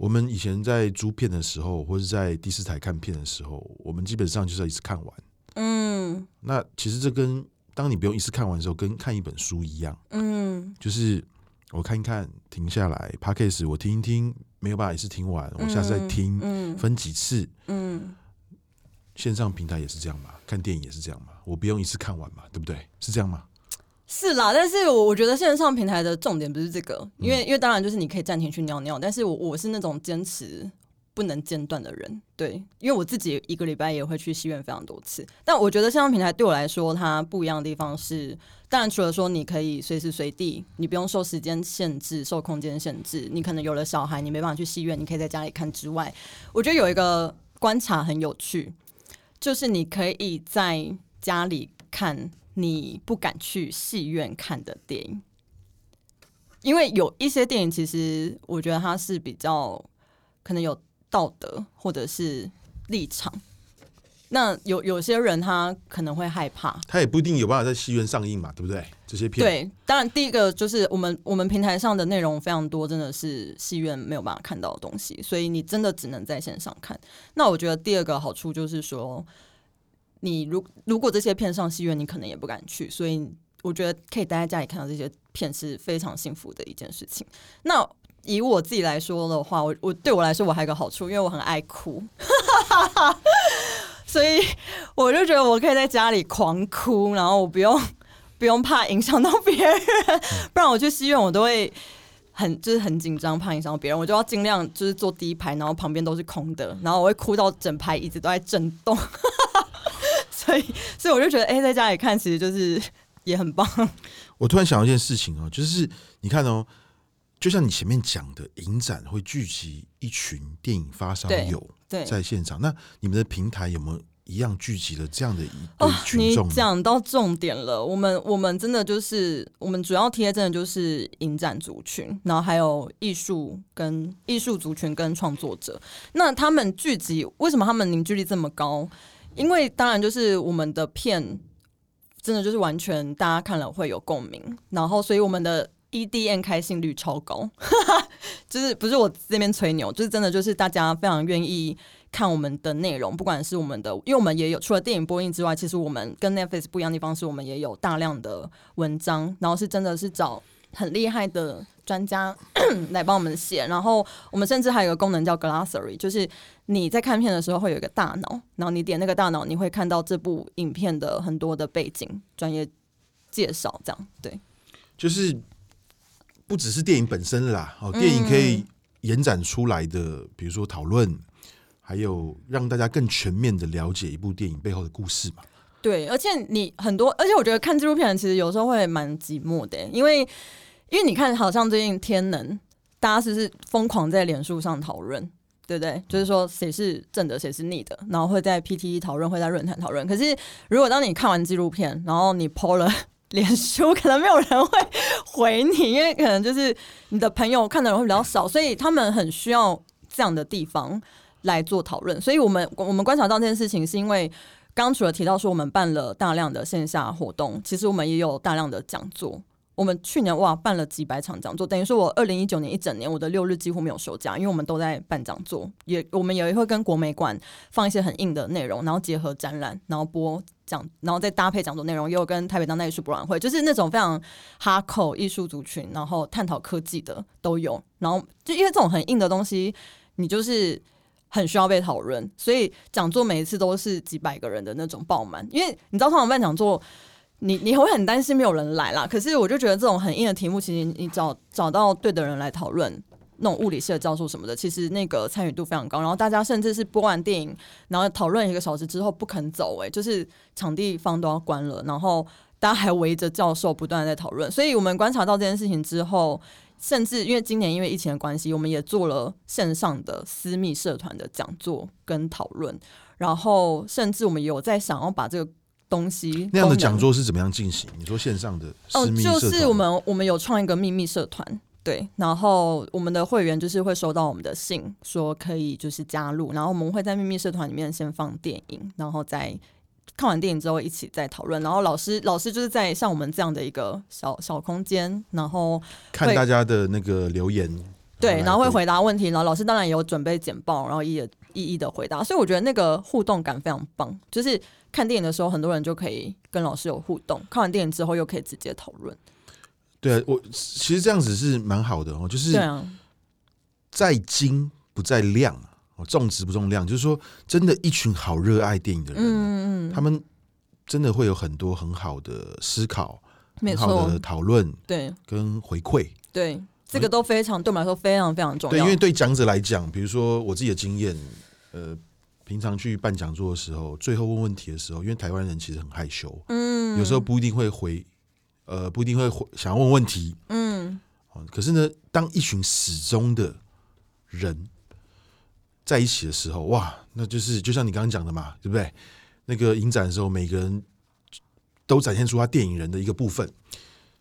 我們以前在租片的時候，或是在第四台看片的時候，我們基本上就是要一次看完。嗯，那其實這跟當你不用一次看完的時候，跟看一本書一樣。嗯，就是我看一看，停下來，podcast 我聽一聽，沒有辦法一次聽完，我下次再聽，嗯，分幾次。嗯，嗯，線上平台也是這樣嘛，看電影也是這樣嘛，我不用一次看完嘛，對不對？是這樣嗎？是啦，但是我我覺得線上平台的重點不是這個，因為因為當然就是你可以暫停去尿尿，但是我我是那種堅持不能間斷的人，對，因為我自己一個禮拜也會去戲院非常多次，但我覺得線上平台對我來說它不一樣的地方是，當然除了說你可以隨時隨地，你不用受時間限制、受空間限制，你可能有了小孩你沒辦法去戲院，你可以在家裡看之外，我覺得有一個觀察很有趣，就是你可以在家裡看。你不敢去戲院看的電影，因為有一些電影其實我覺得它是比較可能有道德或者是立場。那有有些人他可能會害怕，他也不一定有辦法在戲院上映嘛，對不對？這些片。對，當然第一個就是我們我們平台上的內容非常多，真的是戲院沒有辦法看到的東西，所以你真的只能在線上看。那我覺得第二個好處就是說，你如如果這些片上戲院，你可能也不敢去，所以我覺得可以待在家裡看到這些片是非常幸福的一件事情。那以我自己來說的話，我我對我來說我還有個好處，因為我很愛哭， 所以我就覺得我可以在家裡狂哭，然後我不用不用怕影響到別人，不然我去戲院我都會很就是很緊張，怕影響到別人，我就要盡量就是坐第一排，然後旁邊都是空的，然後我會哭到整排椅子都在震動。所以，所以我就覺得，哎、欸，在家裡看其實就是也很棒。我突然想到一件事情哦、喔，就是你看哦、喔，就像你前面講的，影展會聚集一群電影發燒友，對，在現場。那你們的平台有沒有一樣聚集了這樣的一的群眾嗎？哦，你講到重點了。我們我們真的就是，我們主要貼的真的就是影展族群，然後還有藝術跟藝術族群跟創作者。那他們聚集，為什麼他們凝聚力這麼高？因為當然就是我們的片，真的就是完全大家看了會有共鳴，然後所以我們的 EDM 開信率超高， 就是不是我這邊吹牛，就是真的就是大家非常願意看我們的內容，不管是我們的，因為我們也有除了電影播映之外，其實我們跟 Netflix 不一樣的地方是，我們也有大量的文章，然後是真的是找很厲害的專家 來幫我們寫，然後我們甚至還有個功能叫 glossary 就是。你在看片的時候會有一個大腦，然後你點那個大腦，你會看到這部影片的很多的背景、專業介紹，這樣。對，就是不只是電影本身了啦，哦，電影可以延展出來的，嗯、比如說討論，還有讓大家更全面的了解一部電影背後的故事嘛。對，而且你很多，而且我覺得看紀錄片其實有時候會蠻寂寞的，因為，因為你看好像最近天能大家是不是瘋狂在臉書上討論？對不對？就是說，誰是正的，誰是逆的，然後會在 PTT 討論，會在論壇討論。可是，如果當你看完紀錄片，然後你 PO 了臉書，可能沒有人會回你，因為可能就是你的朋友看的人會比較少，所以他們很需要這樣的地方來做討論。所以我們我們觀察到這件事情，是因為剛剛除了提到說我們辦了大量的線下活動，其實我們也有大量的講座。我們去年哇辦了幾百場講座，等於說我二零一九年一整年我的六日幾乎沒有休假，因為我們都在辦講座，也我們也會跟國美館放一些很硬的內容，然後結合展覽，然後播講，然後再搭配講座內容，又跟台北當代藝術博覽會，就是那種非常 hardcore 藝術族群，然後探討科技的都有，然後就因為這種很硬的東西，你就是很需要被討論，所以講座每一次都是幾百個人的那種爆滿，因為你知道通常辦講座。你你會很擔心沒有人來啦，可是我就覺得這種很硬的題目，其實你找找到對的人來討論，那種物理系的教授什麼的，其實那個參與度非常高。然後大家甚至是播完電影，然後討論一個小時之後不肯走、欸，誒，就是場地方都要關了，然後大家還圍着教授不斷在討論。所以我們觀察到這件事情之後，甚至因為今年因為疫情的關係，我們也做了線上的私密社團的講座跟討論，然後甚至我們也有在想要把這個。東西那樣的講座是怎麼樣進行？你說線上的哦，就是我們我們有創一個秘密社團，對，然後我們的會員就是會收到我們的信，說可以就是加入，然後我們會在秘密社團裡面先放電影，然後再看完電影之後一起再討論，然後老師老師就是在像我們這樣的一個小小空間，然後看大家的那個留言，對，然後會回答問題，然後老師當然也有準備簡報，然後一也。一一的回答，所以我覺得那個互動感非常棒。就是看電影的時候，很多人就可以跟老師有互動，看完電影之後又可以直接討論。對啊，我其實這樣子是蠻好的哦，就是、啊、在精不在量哦，重質不重量。就是說，真的，一群好熱愛電影的人，嗯，嗯，嗯，他們真的會有很多很好的思考，沒錯，很好的討論，對，跟回饋，對，這個都非常對我們來說非常非常重要。對，因為對講者來講，比如說我自己的經驗。呃，平常去辦講座的時候，最後問問題的時候，因為台灣人其實很害羞，嗯，有時候不一定會回，呃，不一定會回，想要問問題，嗯，可是呢，當一群死忠的人在一起的時候，哇，那就是，就像你剛剛講的嘛，對不對？那個影展的時候，每個人都展現出他電影人的一個部分，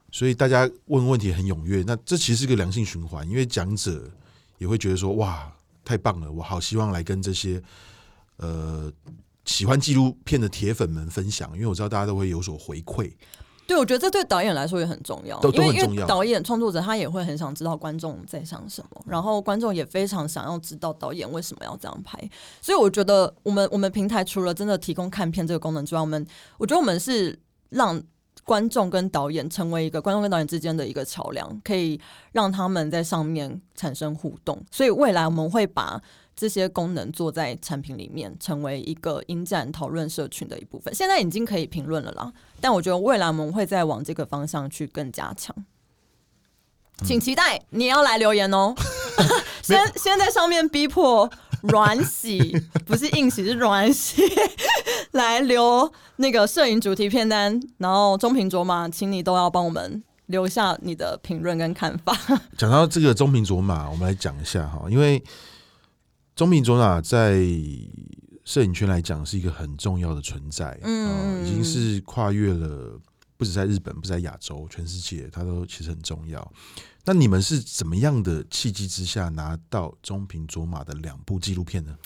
所以大家問問題很踴躍，那這其實是個良性循環，因為講者也會覺得說，哇。太棒了！我好希望來跟這些，呃，喜歡紀錄片的鐵粉們分享，因為我知道大家都會有所回饋。對，我覺得這對導演來說也很重要，都因為因為導演創作者他也會很想知道觀眾在想什麼，然後觀眾也非常想要知道導演為什麼要這樣拍。所以我覺得我們我們平台除了真的提供看片這個功能之外，我們我覺得我們是讓。觀眾跟導演成為一個觀眾跟導演之間的一個橋樑，可以讓他們在上面產生互動。所以未來我們會把這些功能做在產品裡面，成為一個影展討論社群的一部分。現在已經可以評論了啦，但我覺得未來我們會再往這個方向去更加強，嗯、請期待！你要來留言哦， 先先在上面逼迫。軟洗不是硬洗， 是軟洗來留那個攝影主題片單。然後中平卓馬，請你都要幫我們留下你的評論跟看法。講到這個中平卓馬，我們來講一下哈，因為中平卓馬在攝影圈來講是一個很重要的存在，嗯、呃，已經是跨越了不止在日本，不止在亞洲，全世界，它都其實很重要。那你們是怎麼樣的契機之下拿到中平卓馬的兩部紀錄片呢？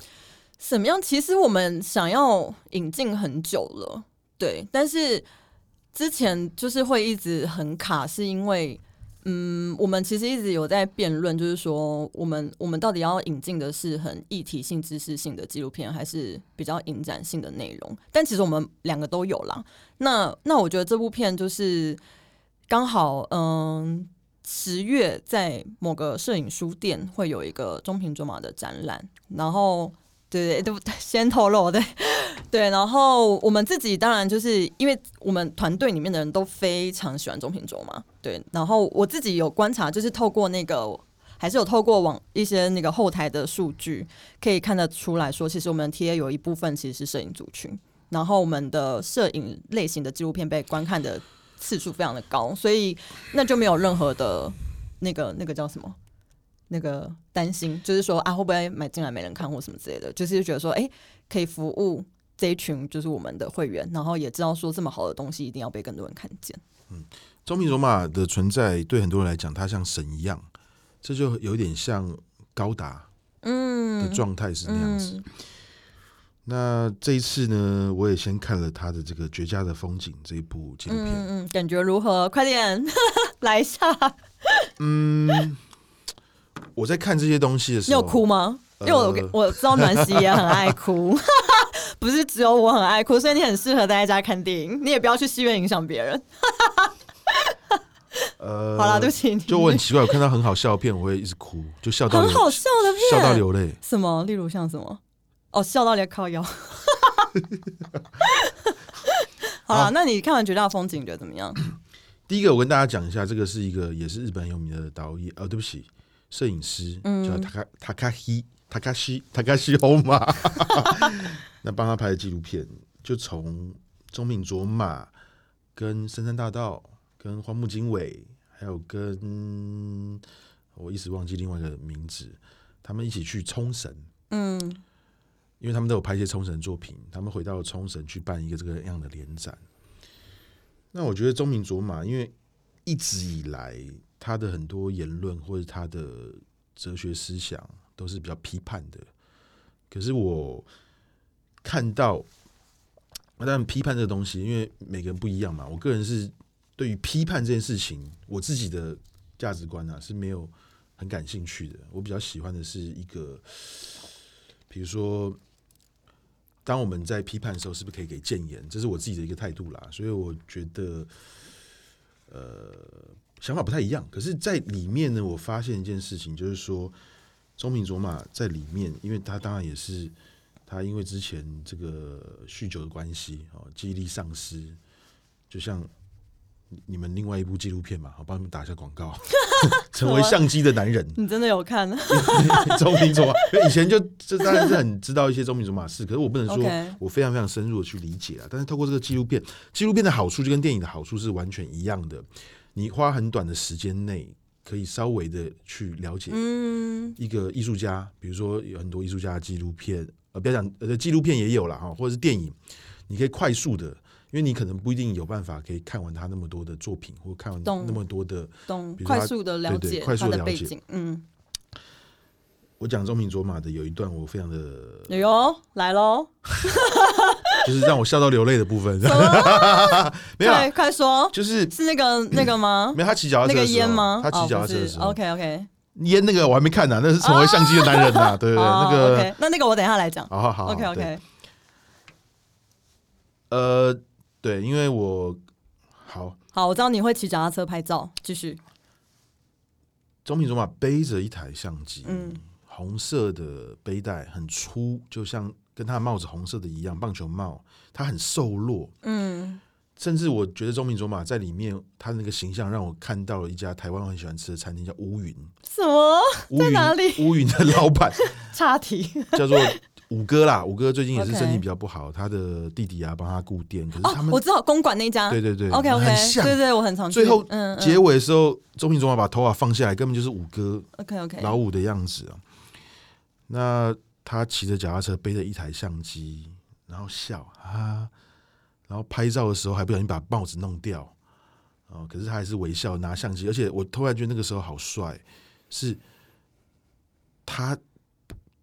什麼樣？其實我們想要引進很久了，對，但是之前就是會一直很卡，是因為嗯，我們其實一直有在辯論，就是說我們我們到底要引進的是很議題性知識性的紀錄片，還是比較影展性的內容？但其實我們兩個都有啦。那那我覺得這部片就是剛好嗯。呃十月在某個攝影書店會有一個中平卓馬的展覽，然後對對對，先透露對對，然後我們自己當然就是因為我們團隊裡面的人都非常喜歡中平卓馬，對，然後我自己有觀察，就是透過那個還是有透過網一些那個後台的數據可以看得出來說，其實我們 TA 有一部分其實是攝影族群，然後我們的攝影類型的紀錄片被觀看的次數非常的高，所以那就沒有任何的，那個那個叫什麼，那個擔心，就是說啊，會不會買進來沒人看或什麼之類的，就是覺得說，哎、欸，可以服務這一群，就是我們的會員，然後也知道說這麼好的東西一定要被更多人看見。嗯，中平卓馬的存在對很多人來講，它像神一樣，這就有點像高達，嗯，的狀態是那樣子。嗯嗯那這一次呢，我也先看了他的這個《絕佳的風景》這一部影片，嗯，感覺如何？快點呵呵來一下。嗯，我在看這些東西的時候，你有哭嗎？呃、因為我我，我知道阮璽也很愛哭， 不是只有我很愛哭，所以你很適合待在家看電影，你也不要去戲院影響別人。 呃，好了，對不起。就我很奇怪，我看到很好笑的片，我會一直哭，就笑到流很好笑的片，笑到流淚。什麼？例如像什麼？哦，笑到你要靠腰。好了，那你看完絕大風景，覺得怎麼樣？啊、第一個，我跟大家講一下，這個是一個也是日本有名的、的導演，哦，對不起，攝影師、嗯、叫塔卡塔卡西塔卡西塔卡西侯馬。 那幫他拍的紀錄片，就從中平卓馬、跟森山大道、跟荒木經惟，還有跟我一直忘記另外一個名字，他們一起去沖繩。嗯。因為他們都有拍一些沖繩作品，他們回到沖繩去辦一個這個樣的聯展。那我覺得中平卓馬，因為一直以來他的很多言論或者他的哲學思想都是比較批判的，可是我看到，當然批判這個東西，因為每個人不一樣嘛。我個人是對於批判這件事情，我自己的價值觀啊是沒有很感興趣的。我比較喜歡的是一個。比如說，當我們在批判的時候，是不是可以給諫言？這是我自己的一個態度啦，所以我覺得，呃，想法不太一樣。可是，在裡面呢，我發現一件事情，就是說，中平卓馬在裡面，因為他當然也是他，因為之前這個酗酒的關係，哦，記憶力喪失，就像。你們另外一部紀錄片嘛，我幫你們打一下廣告，成為相機的男人。你真的有看？ 中平卓馬啊，以前就就當然是很知道一些中平卓馬的事，可是我不能說 Okay. 我非常非常深入的去理解啊。但是透過這個紀錄片，紀錄片的好處就跟電影的好處是完全一樣的。你花很短的時間內，可以稍微的去了解一個藝術家，比如說有很多藝術家的紀錄片，呃，不要講呃紀錄片也有了哈，或者是電影，你可以快速的。因為你可能不一定有辦法可以看完他那麼多的作品，或看完那麼多的，快速的了解，快速的背景。嗯，我講中平卓馬的有一段，我非常的，哎呦，來嘍，就是讓我笑到流淚的部分，沒有，快說，就是是那個那個嗎？沒有，他騎腳那個煙嗎？他騎腳的時候？OK OK，煙那個我還沒看呢，那是成為相機的男人啊，對對，那個，那那個我等一下來講，好好好，OK OK，呃。對，因為我好，好，我知道你會騎腳踏車拍照，繼續。中平卓馬背着一台相機，嗯，紅色的背帶很粗，就像跟他的帽子紅色的一樣，棒球帽。他很瘦弱，嗯，甚至我覺得中平卓馬在裡面，他那個形象讓我看到了一家台灣很喜歡吃的餐廳，叫烏雲。什麼？烏雲，在哪裡？烏雲的老板。 岔題。叫做。五哥啦，五哥最近也是身體比較不好，Okay. 他的弟弟啊幫他顧店，可是他們、oh, 我知道公館那一家，對對對，OK OK，像對，對對，我很常。最後結尾的時候，鍾品啊把頭髮放下來，根本就是五哥，OK OK，老五的樣子啊。那他騎着腳踏車，背着一台相機，然後笑啊，然後拍照的時候還不小心把帽子弄掉，哦，可是他還是微笑拿相機，嗯、而且我突然覺得那個時候好帥，是他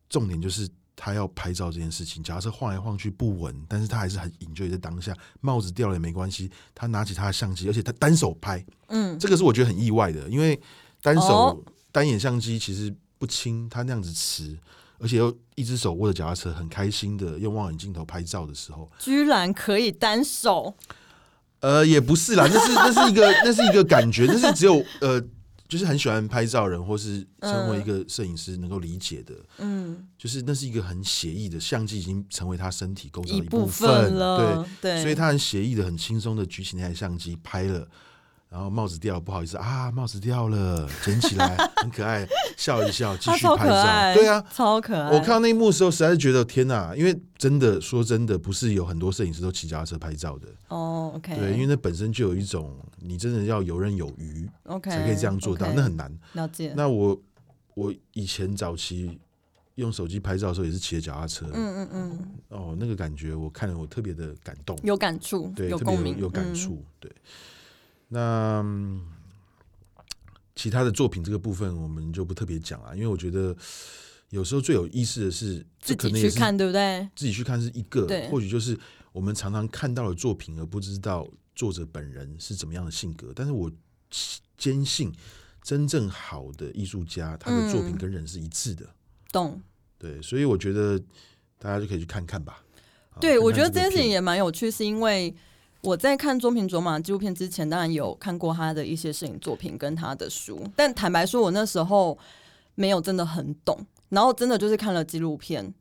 重點就是。他要拍照這件事情，腳踏車晃來晃去不穩，但是他還是很享受在當下，帽子掉了也沒關係。他拿起他的相機，而且他單手拍，嗯，這個是我覺得很意外的，因為單手、哦、單眼相機其實不輕，他那樣子持，而且又一只手握着腳踏車，很開心的用望遠鏡頭拍照的時候，居然可以單手。呃，也不是啦，那是那是一個那是一個感覺，那是只有呃。就是很喜歡拍照人，或是成為一個攝影師能夠理解的。嗯，嗯，就是那是一個很寫意的相機，已經成為他身體構造的一部分了，對對，對，所以他很寫意的、很輕鬆的舉起那台相機拍了。然後帽子掉，不好意思啊，帽子掉了，撿起來，很可愛，笑一笑，繼續拍照。對啊，超可愛。我看到那一幕的時候，實在是覺得天哪！因為真的說真的，不是有很多攝影師都騎腳踏車拍照的哦。對，因為那本身就有一種你真的要游刃有餘，OK，才可以這樣做到，那很難。了解。那我我以前早期用手機拍照的時候，也是騎腳踏車。嗯嗯嗯。哦，那個感覺我看了，我特別的感動，有感觸，對，特別有有感觸，對。那其他的作品這個部分，我們就不特別講了，因為我覺得有時候最有意思的是，自己這可能也是去看對不對？自己去看是一個，對，或許就是我們常常看到的作品，而不知道作者本人是怎麼樣的性格。但是，我堅信真正好的藝術家，他的作品跟人是一致的。嗯，懂。對，所以我覺得大家就可以去看看吧。對，看看我覺得這件事情也蠻有趣，是因為。我在看中平卓馬紀錄片之前，當然有看過他的一些攝影作品跟他的書，但坦白說，我那時候沒有真的很懂。然後真的就是看了紀錄片，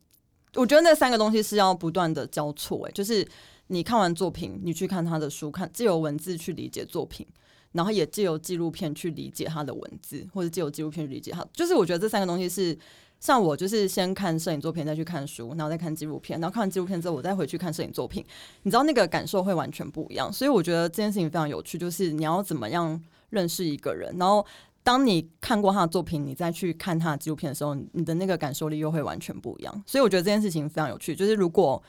我覺得那三個東西是要不斷的交錯。誒，就是你看完作品，你去看他的書，看借由文字去理解作品，然後也借由紀錄片去理解他的文字，或者借由紀錄片去理解他。就是我覺得這三個東西是。像我就是先看攝影作品，再去看書，然後再看紀錄片，然後看完紀錄片之後，我再回去看攝影作品。你知道那個感受會完全不一樣，所以我覺得這件事情非常有趣，就是你要怎麼樣認識一個人，然後當你看過他的作品，你再去看他的紀錄片的時候，你的那個感受力又會完全不一樣。所以我覺得這件事情非常有趣，就是如果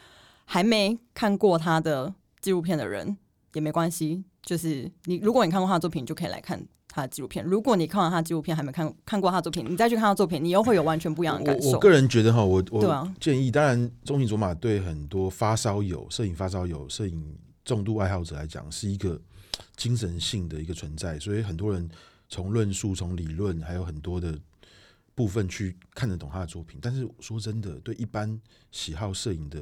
還沒看過他的紀錄片的人也沒關係，就是你如果你看過他的作品，你就可以來看。他的紀錄片，如果你看完他的紀錄片還沒看看過他的作品，你再去看他的作品，你又會有完全不一樣的感受。我，我個人覺得哈，我我建議，啊、當然，中平卓馬對很多發燒友、攝影發燒友、攝影重度愛好者來講，是一個精神性的一個存在。所以很多人從論述、從理論，還有很多的部分去看得懂他的作品。但是說真的，對一般喜好攝影的。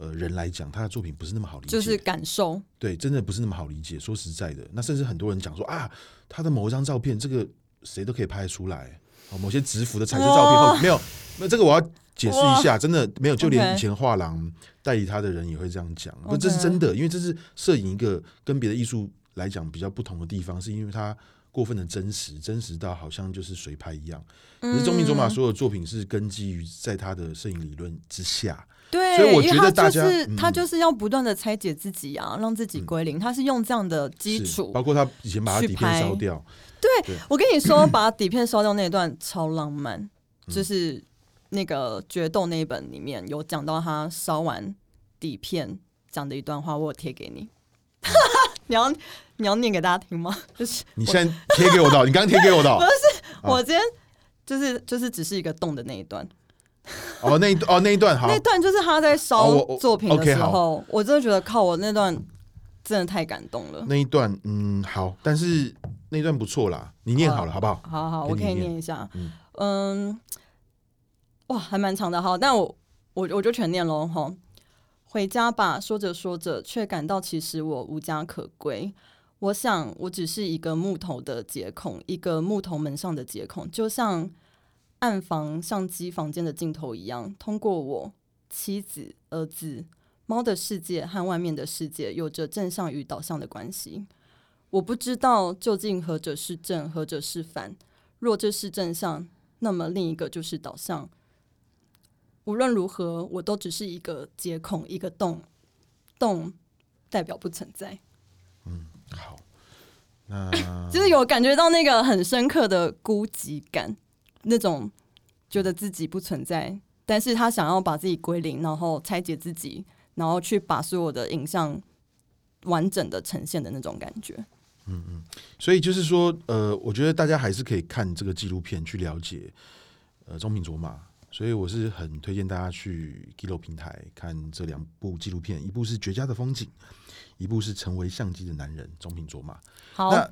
呃，人來講，他的作品不是那麼好理解，就是感受對，真的不是那麼好理解。說實在的，那甚至很多人講說啊，他的某一張照片，這個誰都可以拍得出來。哦，某些直幅的彩色照片，哦、沒有，那這個我要解釋一下，哦、真的沒有。就連以前畫廊代理他的人也會這樣講，哇不，這是真的，Okay 因為這是攝影一個跟別的藝術來講比較不同的地方，是因為他過分的真實，真實到好像就是隨拍一樣。嗯、可是中平卓馬所有的作品是根基於在他的攝影理論之下。對所以我覺得大家他就是要不斷的拆解自己啊，嗯、讓自己歸零。他是用這樣的基礎，包括他以前把底片燒掉。對。對我跟你說，把底片燒掉那一段超浪漫，嗯、就是那個決鬥那一本裡面有講到他燒完底片講的一段話，我有貼給你。哈 哈，你要你要念給大家聽嗎？就是你先貼給我的， 你剛貼給我的。不是，啊、我今天就是就是只是一個動的那一段。 哦，那一哦那一段，好，那一段就是他在燒作品的時候，哦、我，okay，我真的覺得靠，我那段真的太感動了。那一段，嗯，好，但是那一段不錯啦，你念好了好不好？啊、好好，我可以念一下，嗯，嗯，哇，還蠻長的哈，但我我我就全念嘍吼，回家吧，說着說着，卻感到其實我無家可歸。我想，我只是一個木頭的結孔，一個木頭門上的結孔，就像。暗房相機房間的鏡頭一樣，通過我妻子、兒子、貓的世界和外面的世界，有着正向與導向的關係。我不知道究竟何者是正，何者是反。若這是正向，那麼另一個就是導向。無論如何，我都只是一個接孔，一個洞，洞代表不存在。嗯，好，那 就是有感覺到那個很深刻的孤寂感。那種覺得自己不存在，但是他想要把自己歸零，然後拆解自己，然後去把所有的影像完整的呈現的那種感覺。嗯嗯，所以就是說，呃，我覺得大家還是可以看這個紀錄片去了解，呃，中平卓馬。所以我是很推薦大家去 Giloo 平台看這兩部紀錄片，一部是《絕佳的風景》，一部是《成為相機的男人》中平卓馬。好，那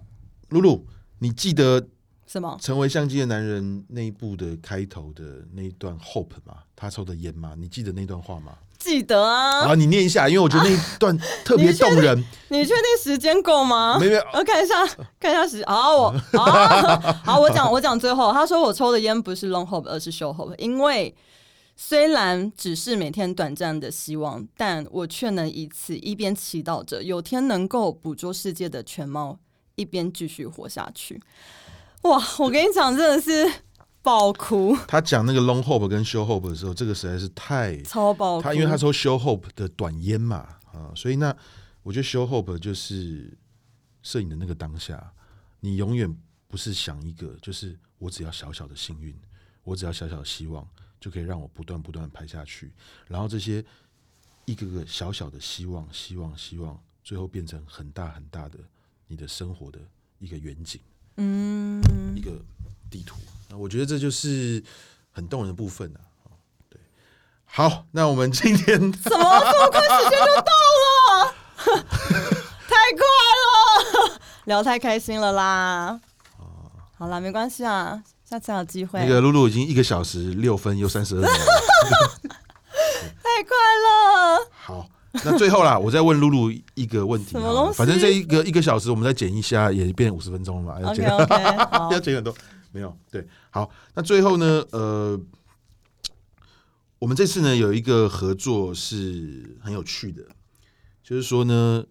露露，Lulu, 你記得。什麼？成為相機的男人那一部的開頭的那一段 hope 嘛，他抽的菸嗎？你記得那段話嗎？記得啊！好，你念一下，因為我覺得那一段特別動人。啊、你確定,定時間夠嗎？沒有，我、啊、看一下，看一下時我好，我講、啊啊，我講最後，他說我抽的菸不是 long hope，而是 show hope，因為雖然只是每天短暫的希望，但我卻能以此一邊祈禱着有天能夠捕捉世界的全貌，一邊繼續活下去。哇！我跟你講，真的是爆哭。他講那個 long hope 跟 show hope 的時候，這個實在是太超爆。他因為他說 show hope 的短煙嘛，啊、呃，所以那我覺得 show hope 就是攝影的那個當下，你永遠不是想一個，就是我只要小小的幸運，我只要小小的希望，就可以讓我不斷不斷拍下去。然後這些一個個小小的希望，希望希望，最後變成很大很大的你的生活的一個遠景。嗯，一個地圖，那我覺得這就是很動人的部分啊。對，好，那我們今天怎麼這麼快時間就到了？ 太快了，聊太開心了啦！嗯、好啦，沒關係啊，下次還有機會。那個露露已經一個小時六分又三十二秒了， 對太快了。好。 那最後啦，我再問 RuRu 一個問題啊。反正這一個一個小時，我們再剪一下，也變五十分鐘了吧，要剪，okay, okay, 要剪很多。好沒有，對，好，那最後呢，呃，我們這次呢有一個合作是很有趣的，就是說呢，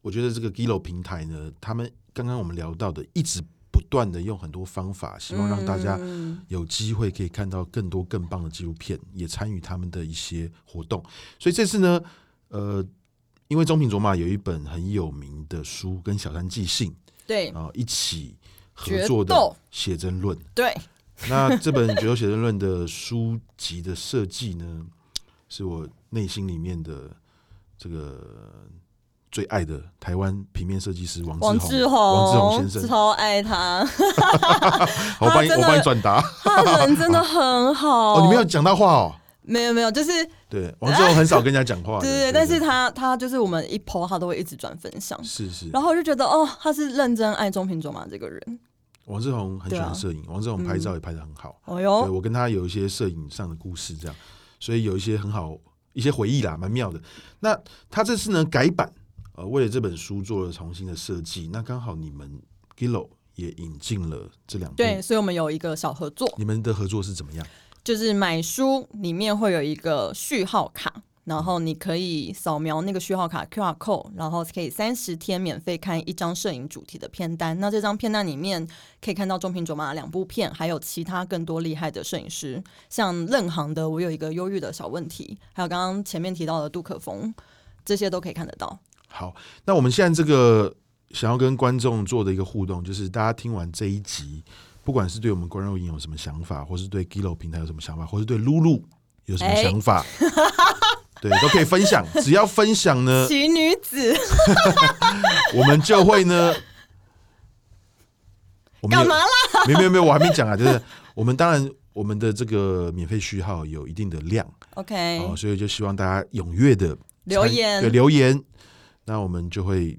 我覺得這個 Giloo 平台呢，他們剛剛我們聊到的一直。不斷的用很多方法，希望讓大家有機會可以看到更多更棒的紀錄片，也參與他們的一些活動。所以這次呢，呃，因為中平卓馬有一本很有名的書《跟篠山紀信》對，對啊，一起合作的《寫真論》。對，那這本《決鬥寫真論》的書籍的設計呢， 是我內心裡面的這個。最愛的台灣平面設計師王志宏。王志宏，王志宏先生，超愛他。我幫你，我幫你轉達，他人真的很好。哦，你沒有講到話哦。沒有沒有，就是對王志宏很少跟人家講話。對，對，對，對，但是他他就是我們一 p 他都會一直轉分享。是是。然後我就覺得哦，他是認真愛中平卓馬這個人。王志宏很喜歡攝影，啊、王志宏拍照也拍的很好。哦喲、嗯，我跟他有一些攝影上的故事，這樣，所以有一些很好一些回憶啦，蠻妙的。那他這次呢改版。呃，為了這本書做了重新的設計，那剛好你們 Giloo 也引進了這兩部，對，所以我們有一個小合作。你們的合作是怎麼樣？就是買書裡面會有一個序號卡，然後你可以掃描那個序號卡 QR code，然後可以三十天免費看一張攝影主題的片單。那這張片單裡面可以看到中平卓馬兩部片，還有其他更多厲害的攝影師，像任航的《我有一個憂鬱的小問題》，還有剛剛前面提到的杜可風，這些都可以看得到。好，那我們現在這個想要跟觀眾做的一個互動，就是大家聽完這一集，不管是對我們觀眾有有什麼想法，或是對 Giloo 平台有什麼想法，或是對 RuRu 有什麼想法，欸、對，都可以分享。 只要分享呢，奇女子， 我們就會呢， 我們幹嘛啦？沒沒有沒有，我還沒講啊。就是我們當然我們的這個免費序號有一定的量，OK，哦，所以就希望大家踴躍的留言，對，留言。那我們就會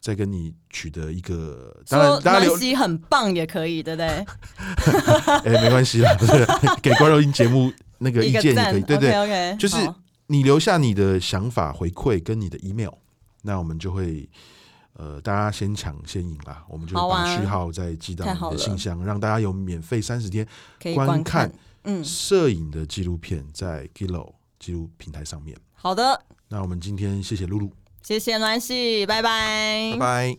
再跟你取得一個，當然大家留，很棒也可以，對不對？哎、 欸，沒關係，對， 給觀弱音節目那個意見也可以，對不對，對？Okay okay, 就是你留下你的想法回饋跟你的 email，好那我們就會呃，大家先搶先贏啦，我們就把序號再寄到你的信箱，啊、讓大家有免費三十天觀看，觀看嗯攝影的紀錄片在 Giloo 紀錄平台上面。好的，那我們今天謝謝 RuRu。謝謝阮璽，拜拜。拜。